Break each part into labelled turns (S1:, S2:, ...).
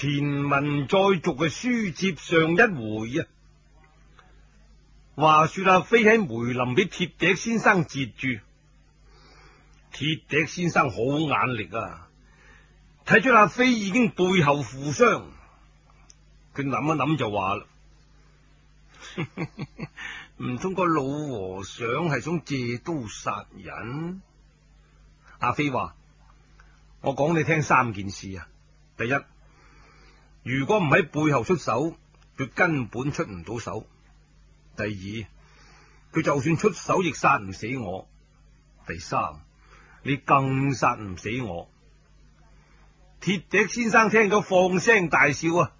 S1: 前文再續嘅書接上一回啊，話說阿飛喺梅林俾鐵笛先生截住，鐵笛先生好眼力啊，睇出阿飛已經背後負傷，佢諗一諗就話啦，唔通個老和尚係想借刀殺人？阿飛話：我講你聽三件事啊，第一。如果唔喺背後出手，佢根本出唔到手。第二，佢就算出手，亦殺唔死我。第三，你更殺唔死我。鐵笛先生聽到放聲大笑啊！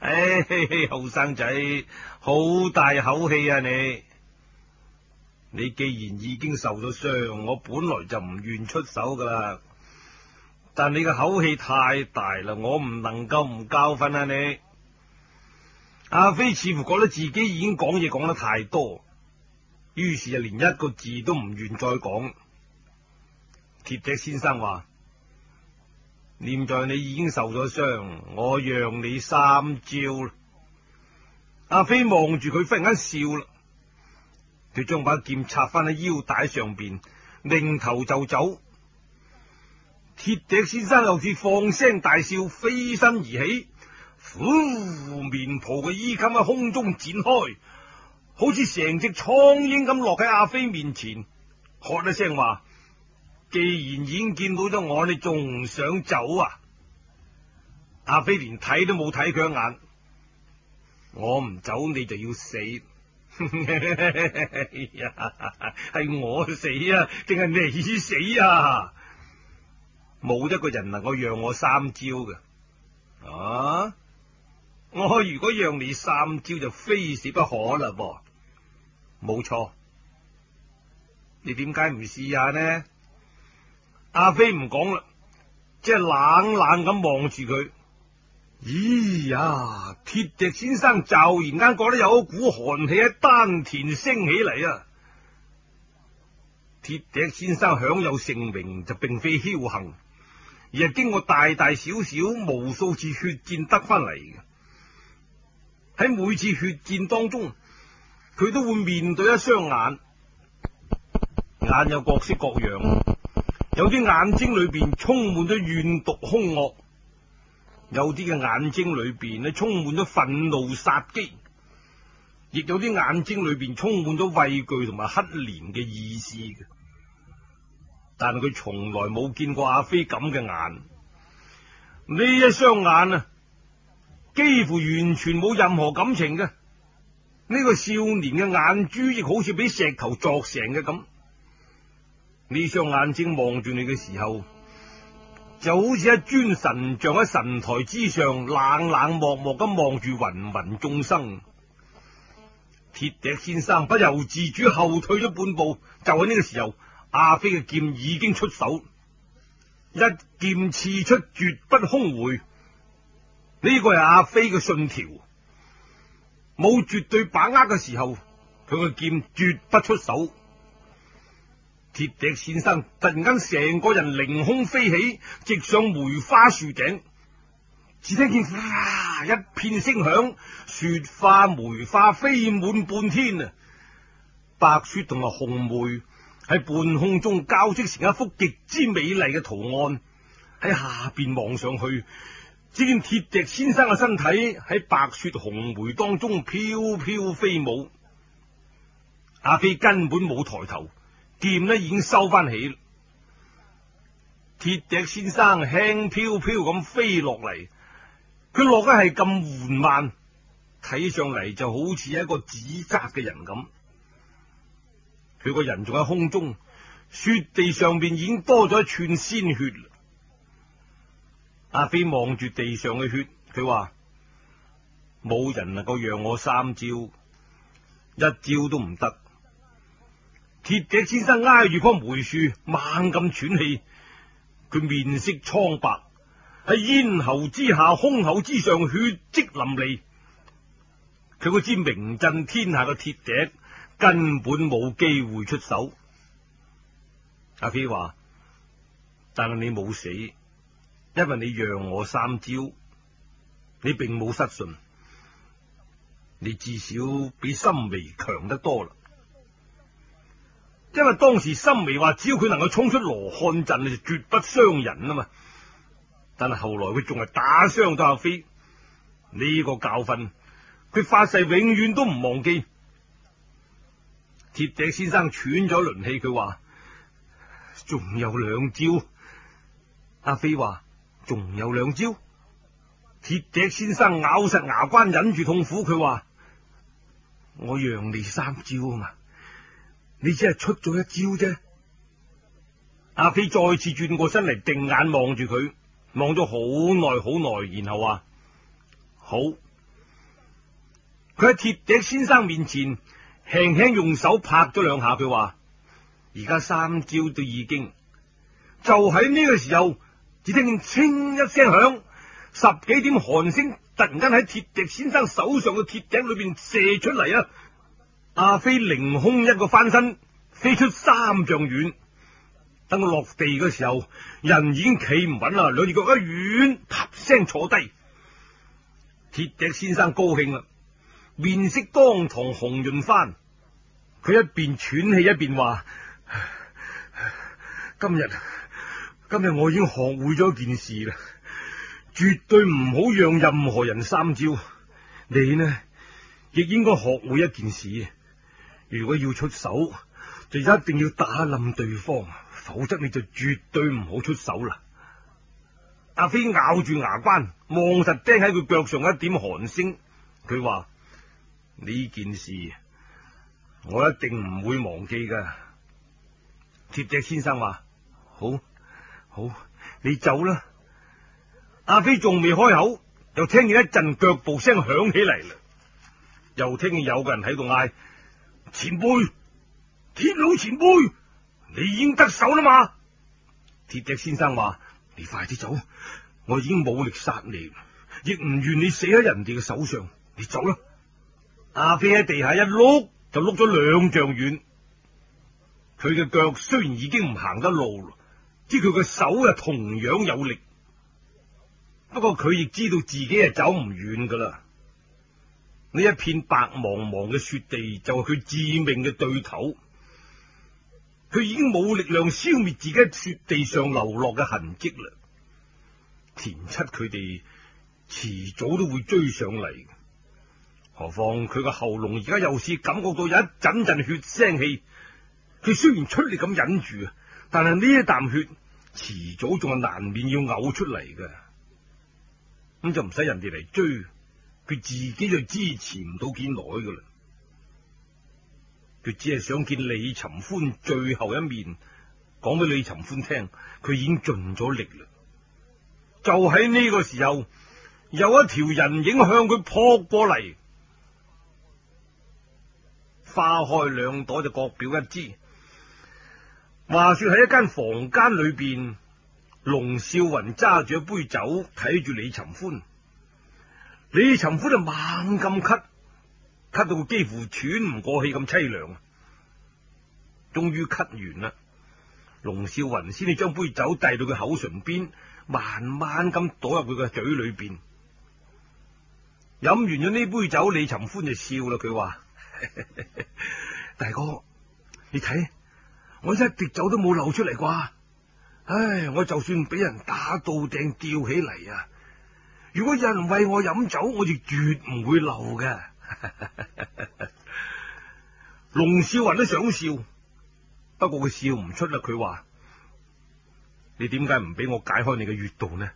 S1: 唉、 哎，後生仔，好大口氣啊！你，你既然已經受咗傷，我本來就唔願出手㗎喇。但你嘅口氣太大啦，我唔能夠唔教訓啦、啊、你。阿飛似乎覺得自己已經講嘢講得太多，於是就連一個字都唔願再講。鐵笛先生話：念在你已經受咗傷，我讓你三招啦。阿飛望住佢忽然間笑啦，佢將把劍插翻喺腰帶上邊，擰頭就走。鐵笛先生又似放聲大笑，飛身而起，呼，棉袍嘅衣襟喺空中展開，好似成隻蒼蠅咁落喺阿飛面前，喝一聲話：既然已經見到咗我，你仲唔想走啊？阿飛連睇都冇睇佢一眼，我唔走，你就要死。係 我死啊，定係你死啊？冇一個人能夠讓我三招嘅啊！我如果讓你三招就非死不可啦噃，冇錯。你點解唔試下呢？阿飛唔講啦，即係冷冷咁望住佢。咦、哎、呀！鐵笛先生驟然間覺得有一股寒氣喺丹田升起嚟啊！鐵笛先生享有盛名就並非僥幸。而係經過大大小小無數次血戰得翻嚟嘅，喺每次血戰當中，佢都會面對一雙眼，眼有各式各樣，有啲眼睛裏邊充滿咗怨毒凶惡，有啲嘅眼睛裏邊呢充滿咗憤怒殺機，亦有啲眼睛裏邊充滿咗畏懼同埋乞憐嘅意思嘅。但係佢從來冇見過阿飛咁嘅眼，呢一 雙眼啊，幾乎完全冇任何感情嘅。呢、呢個少年嘅眼珠亦好似俾石頭鑿成嘅咁。呢 雙眼睛望住你嘅時候，就好似一尊神像喺神台之上，冷冷漠漠咁望住芸芸眾生。鐵笛先生不由自主後退咗半步，就喺呢個時候。阿飛嘅劍已經出手，一劍刺出，絕不空回。呢個係阿飛嘅信條，冇絕對把握嘅時候，佢嘅劍絕不出手。鐵笛先生突然間成個人凌空飛起，直上梅花樹頂。只聽見嘩一片聲響，雪花梅花飛滿半天啊！白雪同埋紅梅。喺半空中交織成一幅極之美麗嘅圖案，喺下邊望上去，只見鐵笛先生嘅身體喺白雪紅梅當中飄飄飄飛舞。阿飛根本冇抬頭，劍咧已經收翻起。鐵笛先生輕飄飄咁飛落嚟，佢落得係咁緩慢，睇上嚟就好似一個紙紮嘅人咁。佢個人仲喺空中，雪地上邊已經多咗一串鮮血。阿飛望住地上嘅血，佢話：冇人能夠讓我三招，一招都唔得。鐵笛先生挨住棵梅樹，猛咁喘氣，佢面色蒼白，喺咽喉之下、胸口之上，血迹淋漓。佢嗰支名震天下嘅鐵笛。根本冇機會出手，阿飛話：但係你冇死，因為你讓我三招，你並冇失信，你至少比心眉強得多啦。因為當時心眉話，只要佢能夠衝出羅漢陣，你就絕不傷人啊嘛。但係後來佢仲係打傷咗阿飛，呢、這個教訓，佢發誓永遠都唔忘記。鐵笛先生喘咗輪氣，佢話：仲有兩招。阿飛話：仲有兩招。鐵笛先生咬實牙關，忍住痛苦，佢話：我讓你三招啊嘛，你只係出咗一招啫。阿飛再次轉過身嚟，定眼望住佢，望咗好耐好耐，然後話：好。佢喺鐵笛先生面前，輕輕用手拍咗兩下，佢話：而家三招都已經。就喺呢個時候，只聽見清一聲響，十幾點寒星突然間喺鐵笛先生手上嘅鐵頂裏邊射出嚟啊！阿飛凌空一個翻身，飛出三丈遠。等佢落地嘅時候，人已經企唔穩啦，兩隻腳一軟，啪聲坐低。鐵笛先生高興啦。面色當堂紅潤翻，佢一邊喘氣一邊話：今日今日我已經學會咗一件事啦，絕對唔好讓任何人三招。你呢亦應該學會一件事，如果要出手，就一定要打冧對方，否則你就絕對唔好出手啦。 阿飛咬住牙關，望實釘喺佢腳上一點寒星，佢話。呢件事我一定唔會忘記噶。鐵笛先生話：好，好，你走啦。阿飛仲未開口，又聽見一陣腳步聲響起嚟啦，又聽見有個人喺度嗌：前輩，鐵老前輩，你已經得手啦嘛？鐵笛先生話：你快啲走，我已經冇力殺你，亦唔願你死喺人哋嘅手上，你走啦。阿飛喺地下一碌就碌咗兩丈遠，佢嘅腳雖然已經唔行得路啦，知佢嘅手啊同樣有力，不過佢亦知道自己係走唔遠噶啦。呢一片白茫茫嘅雪地就係佢致命嘅對頭，佢已經冇力量消滅自己喺雪地上留落嘅痕跡啦。田七佢哋遲早都會追上嚟。何況佢個喉嚨而家又是感覺到有一陣陣血腥氣，佢雖然出力咁忍住，但係呢一啖血遲早仲係難免要嘔出嚟嘅，咁就唔使人哋嚟追，佢自己就支持唔到幾耐噶啦。佢只係想見李尋歡最後一面，講俾李尋歡聽，佢已經盡咗力啦。就喺呢個時候，有一條人影向佢撲過嚟。花開兩朵就各表一枝。話說喺一間房間裏邊，龍少雲揸住一杯酒，睇住李尋歡。李尋歡就猛咁咳，咳到佢幾乎喘唔過氣咁淒涼。終於咳完啦，龍少雲先至將杯酒遞到佢口唇邊，慢慢咁倒入佢個嘴裏邊。飲完咗呢杯酒，李尋歡就笑啦。佢話。 大哥，你睇我一滴酒都冇漏出嚟啩？唉，我就算俾人打到掟吊起嚟啊！如果有人餵我飲酒，我就絕唔會漏嘅。 龍少雲都想笑，不過佢笑唔出啦。佢話：你點解唔俾我解開你嘅穴道呢？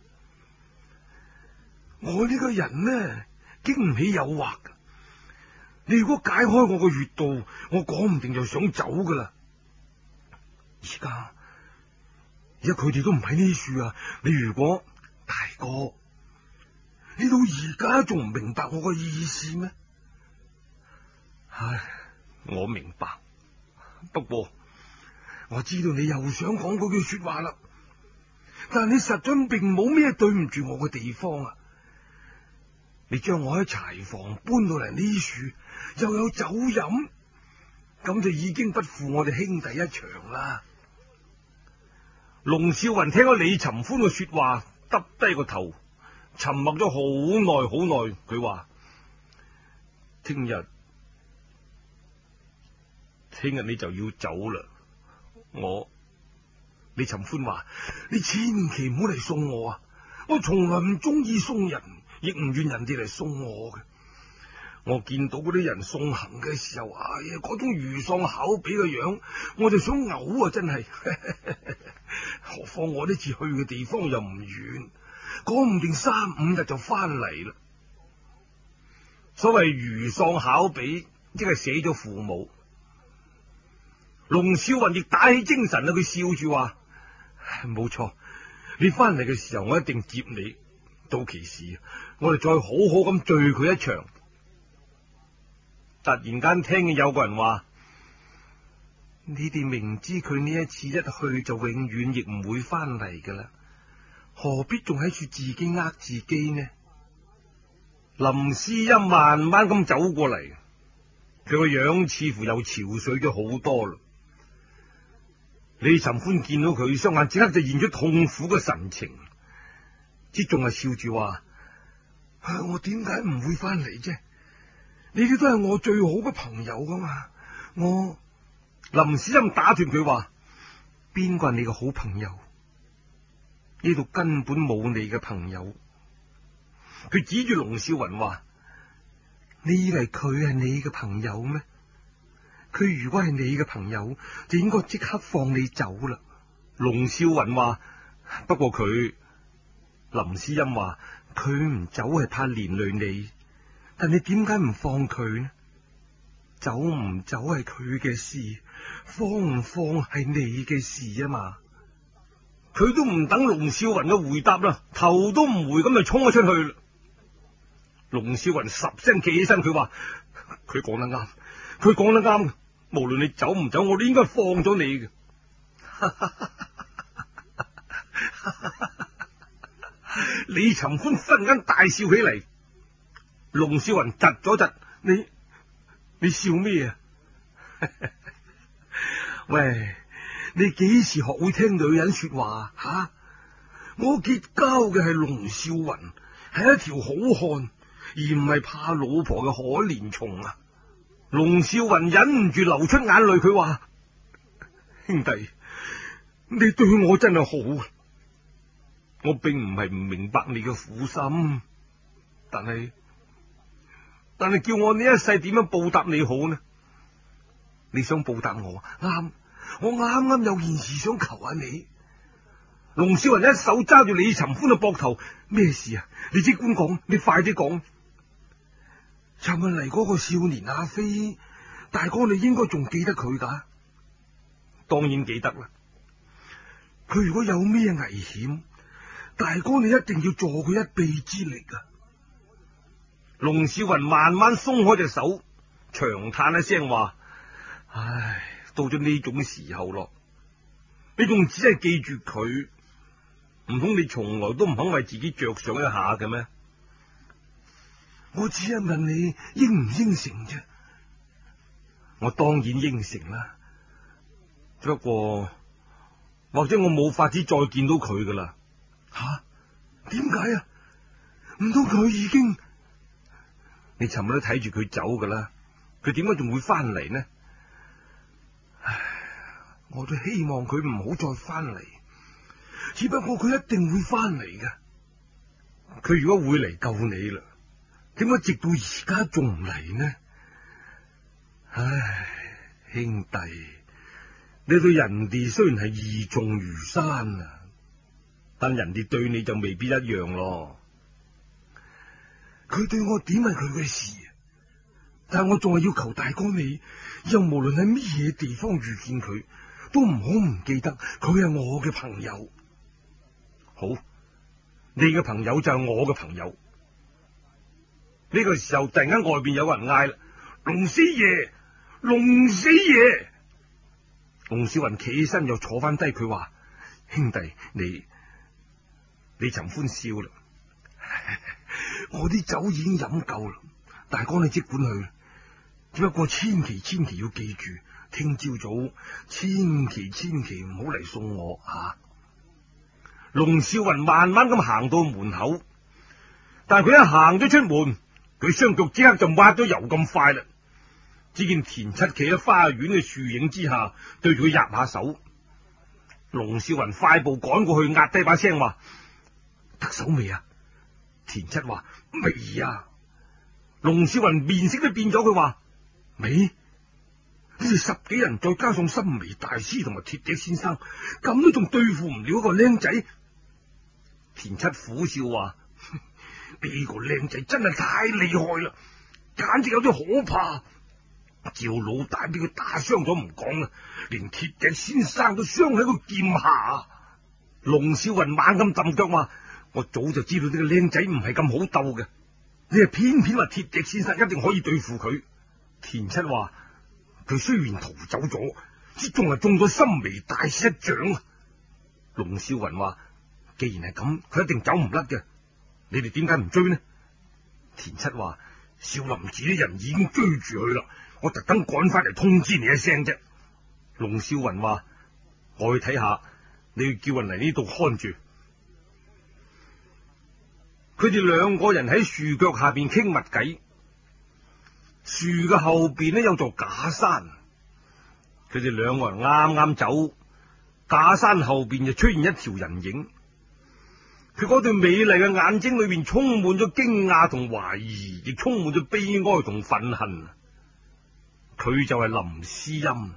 S1: 我呢個人呢，經唔起誘惑。你如果解開我嘅穴道，我講唔定就想走噶啦。而家而家佢哋都唔喺呢處啊。你如果大哥，你到而家仲唔明白我嘅意思咩？唉，我明白，不過我知道你又想講句說話啦。但係你實在並冇咩對唔住我嘅地方啊。你將我喺柴房搬到嚟呢處，又有酒飲，咁就已經不負我哋兄弟一場啦。龍少雲聽到李尋歡嘅說話，耷低個頭，沉默咗好耐好耐。佢話，聽日，聽日你就要走啦。我，李尋歡話，你千祈唔好嚟送我啊！我從來唔中意送人。亦唔願人哋嚟送我嘅。我見到啲人送行嘅時候，哎呀，嗰種如喪考妣嘅樣，我就想嘔啊！真係， 何況我呢次去嘅地方又唔遠，講唔定三五日就翻嚟。啦。所謂如喪考妣，即係死咗父母。龍少云亦打起精神啦，佢笑住話：冇錯，你翻嚟嘅時候，我一定接你。到其時，我哋再好好咁醉佢一場。突然間聽見有個人話：「你哋明知佢呢一次一去就永遠亦唔會翻嚟噶啦，何必仲喺處自己呃自己呢？林詩音慢慢咁走過嚟，佢個樣似乎又憔悴咗好多啦。李尋歡見到佢雙眼，即刻就現咗痛苦嘅神情。即仲係笑住話：哎，我點解唔會翻嚟啫？你哋都係我最好嘅朋友噶嘛。我林詩音打斷佢話：邊個係你嘅好朋友？呢度根本冇你嘅朋友。佢指住龍少雲話：你以為佢係你嘅朋友咩？佢如果係你嘅朋友，就應該即刻放你走啦。龍少雲話：不過佢。林詩音話：佢唔走係怕連累你，但你點解唔放佢呢？走唔走係佢嘅事，放唔放係你嘅事啊嘛！佢都唔等龍少雲嘅回答啦，頭都唔回咁就衝咗出去。龍少雲十聲企起身，佢話：佢講得啱，佢講得啱。無論你走唔走，我都應該放咗你嘅。 李尋歡忽然間大笑起嚟，龍少雲窒咗窒，你，你笑咩啊？ 喂，你幾時學會聽女人說話啊？啊？我結交嘅係龍少雲，係一條好漢，而唔係怕老婆嘅可憐蟲啊！龍少雲忍唔住流出眼淚，佢話：兄弟，你對我真係好啊！我並唔係唔明白你嘅苦心，但係但係叫我呢一世點樣報答你好呢？你想報答我？啱，嗯，我啱啱有件事想求下你。龍少雲一手揸住李尋歡嘅膊頭，咩事啊？你即管講，你快啲講。尋日嚟嗰個少年阿飛，大哥你應該仲記得佢㗎？啊？當然記得啦。佢如果有咩危險？大哥，你一定要助佢一臂之力啊！龍小雲慢慢鬆開隻手，長嘆一聲話：唉，到咗呢種時候咯，你仲只係記住佢，唔通你從來都唔肯為自己着想一下嘅咩？我只係問你應唔應承啫，我當然應承啦，只不過或者我冇法子再見到佢噶啦。吓？點解啊？唔通佢已經？你尋日都睇住佢走噶啦，佢點解仲會翻嚟呢？唉，我都希望佢唔好再翻嚟，只不過佢一定會翻嚟嘅。佢如果會嚟救你啦，點解直到而家仲唔嚟呢？唉，兄弟，你對人哋雖然係義重如山啊！但人哋對你就未必一樣咯。佢對我點係佢嘅事，但係我仲係要求大哥你，又無論喺咩嘢地方遇見佢，都唔好唔記得佢係我嘅朋友。好，你嘅朋友就係我嘅朋友。呢個時候突然間外邊有人嗌啦，龍師爺，龍師爺。龍小雲起身又坐翻低，佢話：兄弟，你。你尋歡笑啦， 我啲酒已經飲夠啦，大哥你即管去，只不過千祈千祈要記住，聽朝早千祈千祈唔好嚟送我啊！ 龍少雲慢慢咁行到門口，但係佢一行咗出門，佢雙腳即刻就挖咗油咁快啦。只見田七企喺花園嘅樹影之下，對住佢壓下手，龍少雲快步趕過去壓，壓低把聲話。得手未啊？田七話未啊？龍少雲面色都變咗，佢話未？呢度十幾人再加上心眉大師同埋鐵笛先生，咁都仲對付唔了一個靚仔？田七苦笑話：呢個靚仔真係太厲害啦，簡直有啲可怕。趙老大俾佢打傷咗唔講啦，連鐵笛先生都傷喺個劍下。龍少雲猛咁抌腳話。我早就知道呢個靚仔唔係咁好鬥嘅，你係偏偏話鐵笛先生一定可以對付佢。田七話：佢雖然逃走咗，之仲係中咗心眉大師一掌。龍少云話：既然係咁，佢一定走唔甩嘅。你哋點解唔追呢？田七話：少林寺啲人已經追住佢啦，我特登趕翻嚟通知你一聲啫。龍少雲話：我去睇下，你要叫人嚟呢度看住。佢哋兩個人喺樹腳下邊傾密偈。樹嘅後邊呢，有座假山。佢哋兩個人啱啱走，假山後邊就出現一條人影。佢嗰對美麗嘅眼睛裏邊充滿咗驚訝同懷疑，亦充滿咗悲哀同憤恨。佢就係林詩音，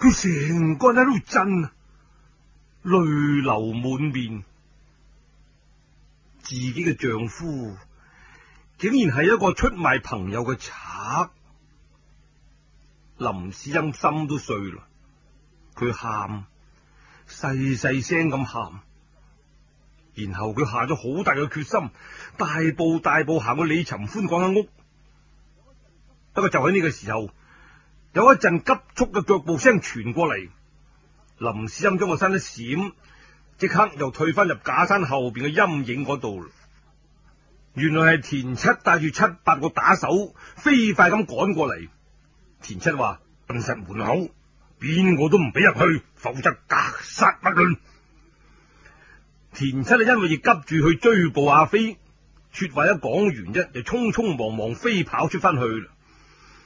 S1: 佢成個人喺度震，淚流滿面。自己嘅丈夫竟然係一個出賣朋友嘅賊，林詩音心都碎啦。佢喊細細聲咁喊，然後佢下咗好大嘅決心，大步大步行去李尋歡講間屋。不過就喺呢個時候，有一陣急促嘅腳步聲傳過嚟，林詩音將個身一閃，即刻又退翻入假山後邊嘅陰影嗰度，原來係田七帶住七八個打手，飛快咁趕過嚟。田七話：，緊實門口，邊個都唔俾入去，否則格殺勿論。田七啊，因為亦急住去追捕阿飛，說話一講完啫，就匆匆忙忙飛跑出翻去啦。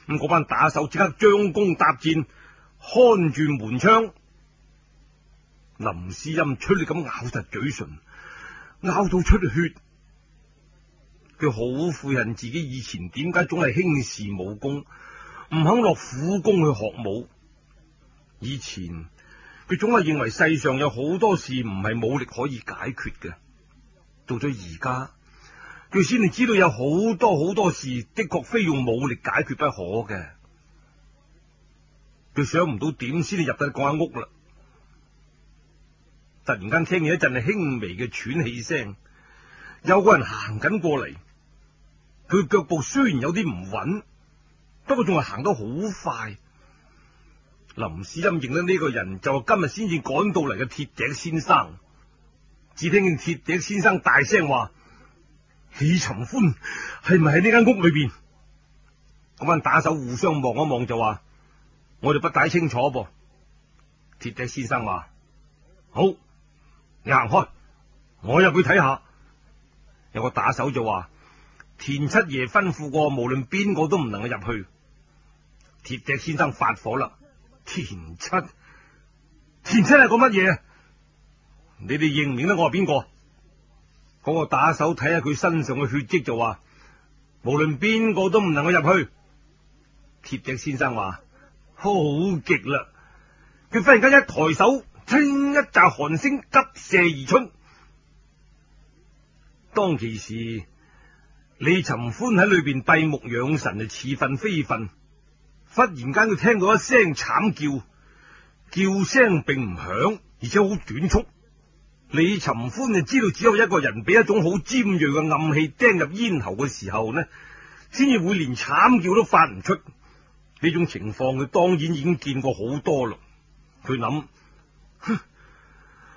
S1: 咁班打手即刻張弓搭箭，看住門窗。林詩音出力咁咬實嘴唇，咬到出血。佢好悔恨自己以前點解總係輕視武功，唔肯落苦功去學武。以前佢總係認為世上有好多事唔係武力可以解決嘅。到咗而家，佢先至知道有好多好多事的確非用武力解決不可嘅。佢想唔到點先至入得嗰間屋啦。突然間聽見一陣輕微嘅喘氣聲，有個人行緊過嚟，佢腳步雖然有啲唔穩，不過仲係行得好快。林詩音認得呢個人就係今日先至趕到嚟嘅鐵鼎先生。只聽見鐵鼎先生大聲話：李尋歡係咪喺呢間屋裏邊？嗰班打手互相望一望就話：我哋不太清楚噃。鐵鼎先生話好。你行開，我入去睇下。有個打手就話：田七爺吩咐過，無論邊個都唔能夠入去。鐵笛先生發火啦，田七，田七係個乜嘢？你哋認唔認得我係邊個？嗰個打手睇下佢身上嘅血跡就話：無論邊個都唔能夠入去。鐵笛先生話：好極啦！佢忽然間一抬手。聽一扎寒聲急射而出，當其時，李尋歡喺裏邊閉目養神，就似瞓非瞓。忽然間，佢聽到一聲慘叫，叫聲並唔響，而且好短促。李尋歡就知道只有一個人俾一種好尖銳嘅暗器釘入咽喉嘅時候呢，先至會連慘叫都發唔出。呢種情況，佢當然已經見過好多啦。佢諗。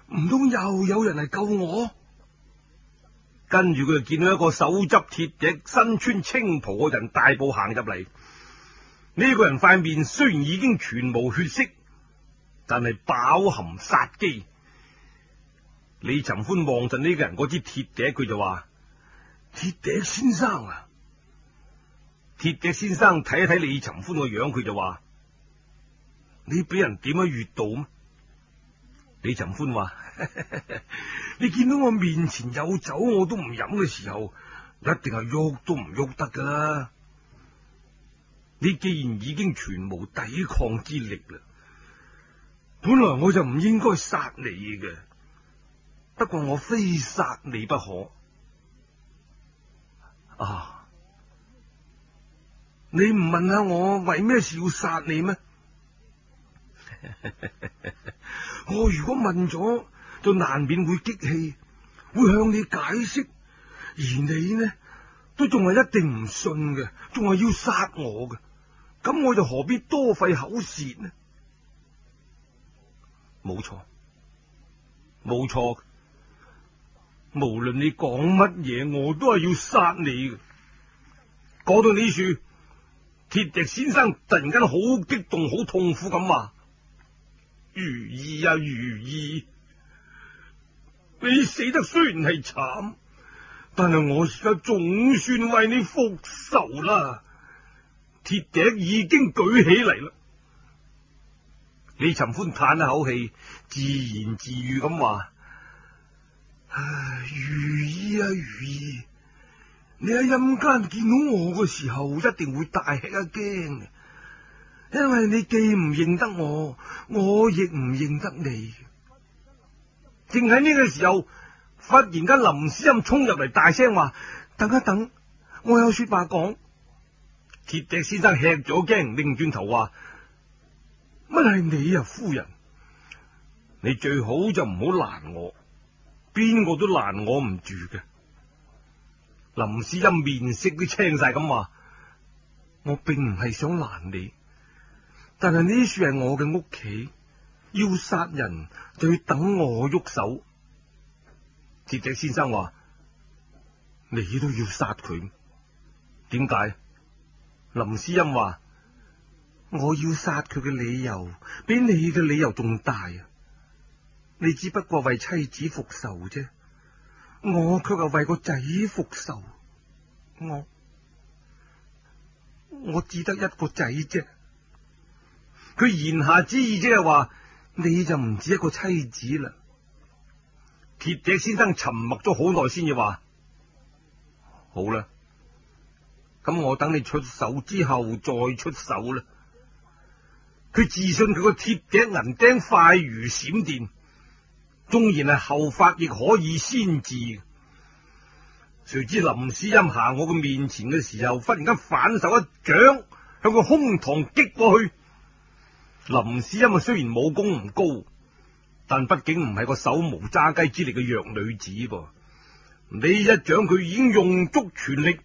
S1: 唔通又有人嚟救我？跟住佢就見到一個手執鐵笛、身穿青袍嘅人，大步行入嚟。呢個人塊面雖然已經全無血色，但係飽含殺機。李尋歡望準呢個人嗰支鐵笛，佢就話：鐵笛先生啊！鐵笛先生睇一睇李尋歡個樣，佢就話：你俾人點樣越度李尋歡話： 你見到我面前有酒我都唔飲嘅時候，一定係喐都唔喐得噶啦。你既然已經全無抵抗之力啦，本來我就唔應該殺你嘅，不過我非殺你不可。啊！你唔問下我為咩事要殺你咩？ 我如果問咗，就難免會激氣，會向你解釋，而你呢，都仲係一定唔信嘅，仲係要殺我嘅，咁我就何必多費口舌呢？冇錯，冇錯，無論你講乜嘢，我都係要殺你嘅。講到呢處，鐵笛先生突然間好激動、好痛苦咁話。如意啊如意，你死得雖然係慘，但係我而家總算為你复仇啦，鐵鼎已經舉起嚟啦。李尋歡嘆一口氣，自言自語咁話：唉、啊，如意啊如意，你喺陰間見到我嘅時候，一定會大吃一驚。因為你既唔認得我，我亦唔認得你。正喺呢個時候，忽然間林詩音衝入嚟，大聲話：等一等，我有說話講。鐵笛先生吃咗驚，擰轉頭話：乜係你啊，夫人？你最好就唔好攔我，邊個都攔我唔住嘅。林詩音面色都青晒咁話：我並唔係想攔你。但係呢處係我嘅屋企，要殺人就要等我喐手。鐵笛先生話：你都要殺佢，點解？林詩音話：我要殺佢嘅理由比你嘅理由仲大啊！你只不過為妻子復仇啫，我卻係為個仔復仇。我我只得一個仔啫。佢言下之意即係話，你就唔止一個妻子啦。鐵笛先生沉默咗好耐，先至話：好啦，咁我等你出手之後再出手啦。佢自信佢個鐵笛銀釘快如閃電，縱然係後發亦可以先至。誰知林詩音行我嘅面前嘅時候，忽然間反手一掌向佢胸膛擊過去。林詩音啊，雖然武功唔高，但畢竟唔係個手無揸雞之力嘅弱女子噃。你一掌佢已經用足全力，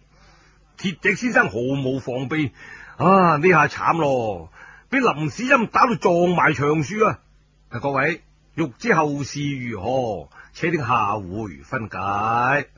S1: 鐵笛先生毫無防備啊！呢下慘咯，俾林詩音打到撞埋牆書啊！各位欲知後事如何，請聽下回分解。